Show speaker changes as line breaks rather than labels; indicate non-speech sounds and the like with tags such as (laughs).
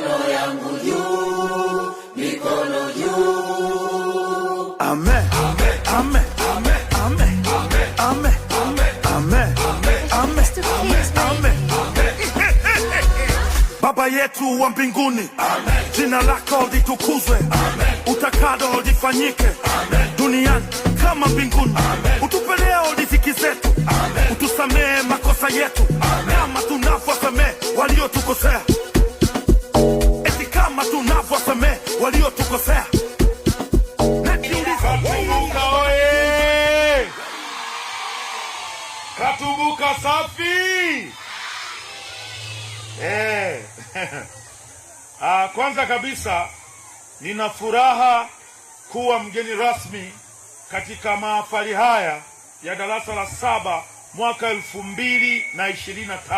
mikono yangu juu, mikono juu.
Amen. Amen. (laughs) Baba yetu wa mbinguni, jina lako litukuzwe, utakalo lifanyike duniani kama mbinguni. Utupe leo riziki zetu, utusamehe makosa yetu kama tunavyosamehe waliotukosea waliotukosea.
Katumbuka safi eh. (laughs) Ah, kwanza kabisa nina furaha kuwa mgeni rasmi katika mahafali haya ya darasa la saba mwaka elfu mbili na ishirini na tano.